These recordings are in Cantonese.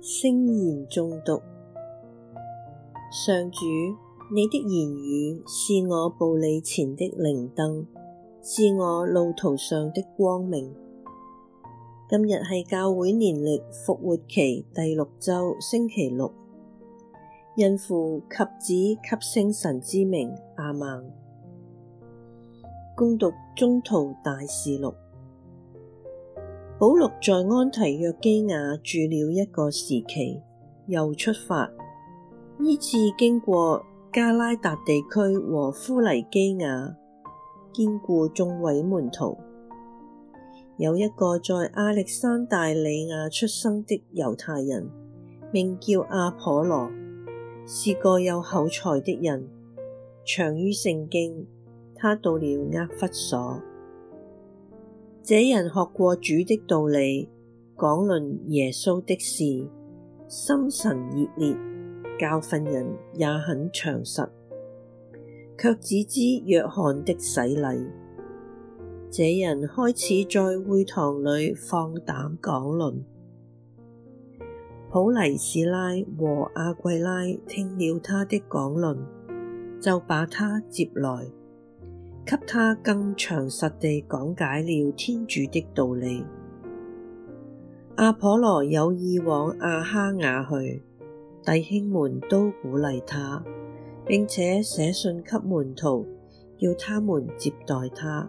聖言誦讀。上主，你的言語是我步履前的靈燈，是我路途上的光明。今日係教會年曆復活期第六周星期六，因父及子及聖神之名，阿們，恭讀宗徒大事錄。保祿在安提約基雅住了一個時期，又出發，依次經過迦拉達地區和夫黎基雅，堅固眾位門徒。有一個在亞歷山大里亞出生的猶太人，名叫阿頗羅，是個有口才的人，長於聖經。他到了厄弗所。這人學過主的道理，講論耶穌的事，心神熱烈，教訓人也很詳實，卻只知若翰的洗禮。這人開始在會堂裏放膽講論。普黎史拉和阿桂拉聽了他的講論，就把他接來。給他更詳實地講解了天主的道理。阿頗羅有意往阿哈雅去，弟兄們都鼓勵他，並且寫信給門徒，要他們接待他。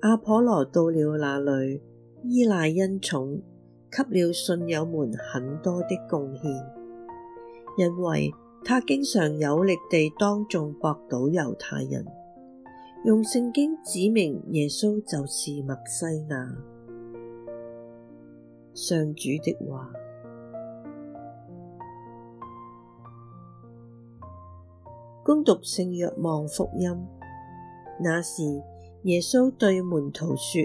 阿頗羅到了那裏，依賴恩寵，給了信友們很多的貢獻，因為他經常有力地當眾駁倒猶太人。用聖經指明耶穌就是默西亞。上主的話。恭讀聖若望福音，那時耶穌對門徒說：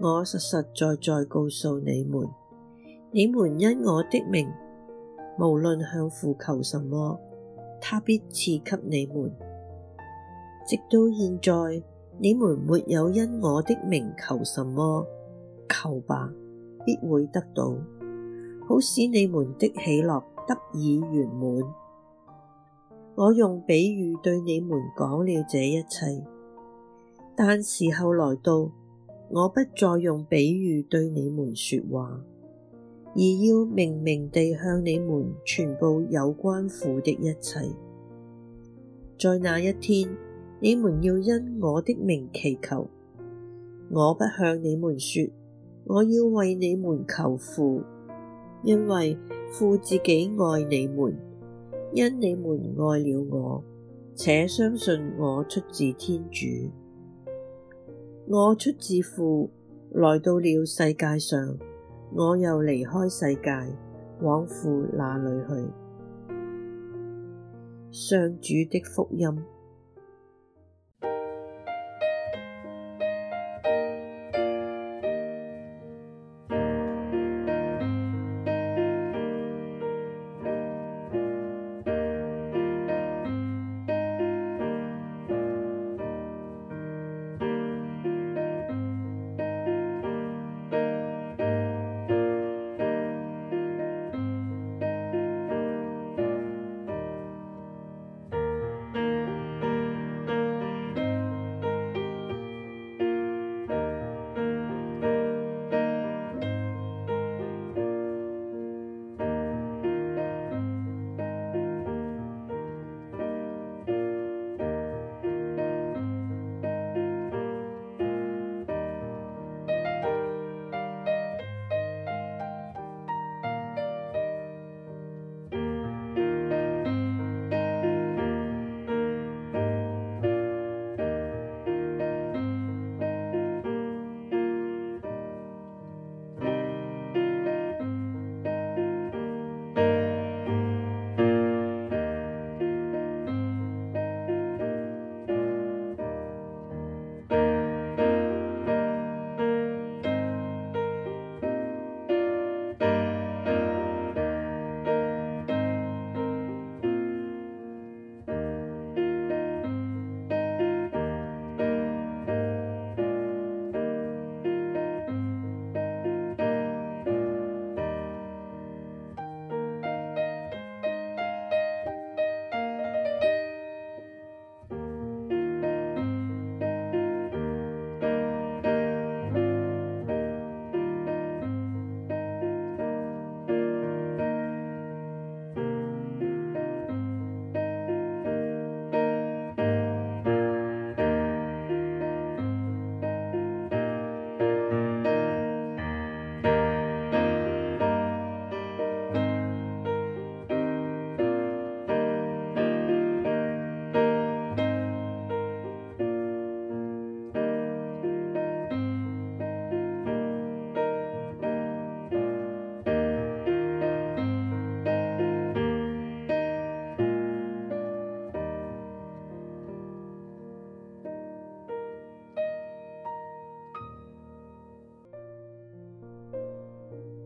我實實在在告訴你們，你們因我的名，無論向父求什麼，他必賜給你們。直到現在，你們沒有因我的名求什麼，求吧！必會得到，好使你們的喜樂得以圓滿。我用比喻對你們講了這一切，但時候來到，我不再用比喻對你們說話，而要明明地向你們傳報有關父的一切，在那一天，你們要因我的名祈求，我不向你們說，我要為你們求父，因為父自己愛你們，因你們愛了我，且相信我出自天主。我出自父，來到了世界上，我又離開世界，往父那裏去。上主的福音。